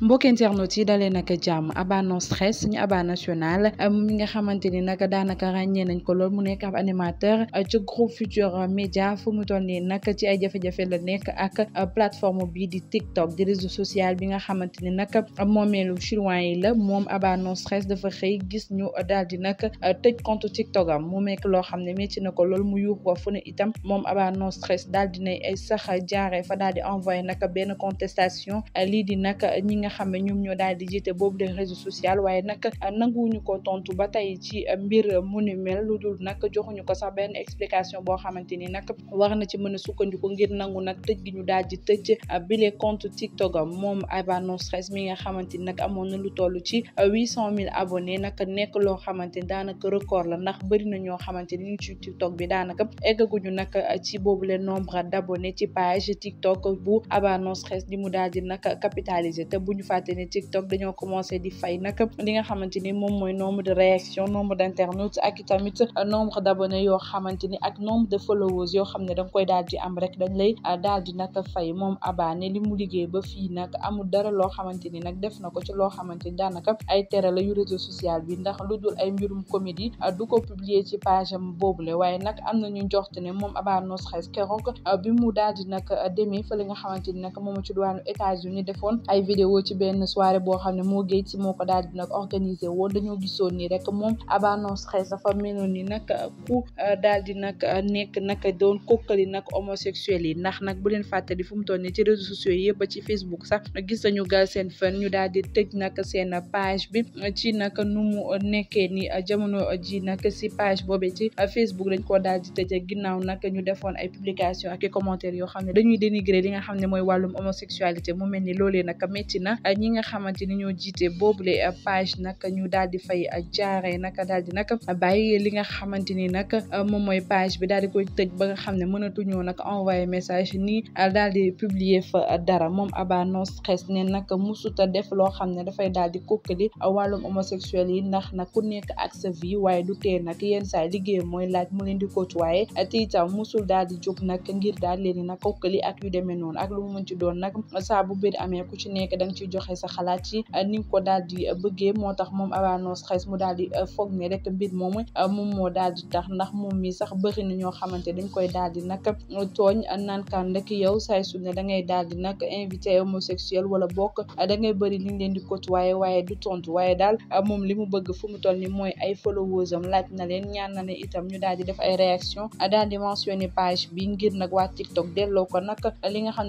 mbokk internautes yi dalee nag jàmm Abba No Stress ñu Abba National mi nga xamante ni nag daanaka ràññee nañ ko lool mu nekk ab animateur ci groupe fu mu toll nii nag ci ay jafe la nekk ak plateforme bii di TikTok di social bi nga xamante ni nag moomeelu chinois yi la moom Abba No Stress dafa xëy gis ñu daal di nag tëj compte TikTok am mu mekk loo xam ne métti na ko lool mu yuux ko fu ne itam moom Abba No Stress daal di nay ay sax jaaree fa daal di envoyé nag benn contestation lii di nag ñi nga nga xam ne ñoom ñoo daal di jiite boobu de réseau social waaye nag euh, nanguwuñu ko tontu ba tey ci euh, mbir mu ni mel lu dul nag joxuñu ko sax benn explication boo xamante ni nag war na ci mën a sukkandiku ngir nangu nag tëj gi ñu daal di tëj euh, bile compte TikTok moom Aba No mi nga xamante ni nag amoon na lu toll ci huit cent mille abonnés nag nekk loo xamante ni daanaka record la ndax bëri na ñoo xamante ni ci TikTok bi daanaka eggaguñu nag ci boobu le nombre d'abonnés ci page TikTok bu Aba No Stress di mu daal di nag capitaliser te bu ñu fàtte ne TikTok dañoo commencé di fay nag li nga xamante moom mooy nombre de réaction nombre d' ak i tamit nombre d' abonnés yoo xamante ni ak nombre yoo xam ne da nga koy daal di am rek dañ lay ah, daal fay moom Abba ne li mu liggéey ba fii nag amul dara loo xamante ni nag def na ko ci loo xamante ni daanaka ay tere la yu réseau social bi ndax lu dul ay mbirum comédie ah, du ko publier ci page am boobule waaye am na ñu njort ne moom Abba No Stress keroog ah, bi mu daal di nag demee fa li nga xamante ni nag moom ci benn soirée boo xam ne moo géej si moo ko daal di nag organisé woon dañoo gisoon nii rek moom Aba No Stress dafa meloon ni nag ku euh, dal di nag euh, nekk nag doon kokkali nag homosexuels yi ndax nag bu leen fàtte di fu mu toll nii ci réseaux sociaux yëpp ci Facebook sax gis nañu gal seen fan ñu daal di tëj nag seen page bi ci nag nu mu nekkee ni jamono ji nag si page boobee ci Facebook dañ ko daal di tëj ginnaaw nag ñu defoon ay publication ak i yoo xam ne dañuy dénigrer li nga xam ne mooy wàllum homosexualité mu mel ni loolee nag metti na ñi nga xamante ni ñoo jiite boobule eh, page nag ñu daal di fay eh, jaaree nag daal di nag bàyyi li nga xamante ni nag eh, moom mooy page bi daal di koy tëj ba nga xam ne mënatuñoo nag envoyé message nii daal di publier fa dara moom Aba No Stress ne nag musuta def loo xam ne dafay daal di a wàllum homosexuel yi ndax nag ku nekk ak sa vie waaye du tee nag yenn saa liggéey mooy laaj mu leen di côtoyer te itam musul daal di jóg nag ngir daal leen nag kokkali ak yu demee noonu ak lu mu mën ci doon nag ci joxe sa xalaat ci euh, ni nga ko daal di euh, bëggee moo tax moom Aba No Stress mu daal di euh, foog ne rek mbir moomu moom moo daal di tax ndax moom mi sax bëri na ñoo xamante dañ koy daal di nag tooñ naan kaan rek yow say su ne da ngay daal di nag invité homosexuel wala bokk da ngay bëri li leen di côtoyer waaye du tontu waaye daal moom li mu bëgg fu mu tol ni mooy ay followers am laaj na leen ñaan na leen itam ñu daal di def ay réaction daal di mentionné page bi ngir nag waa TikTok delloo ko nag li nga xam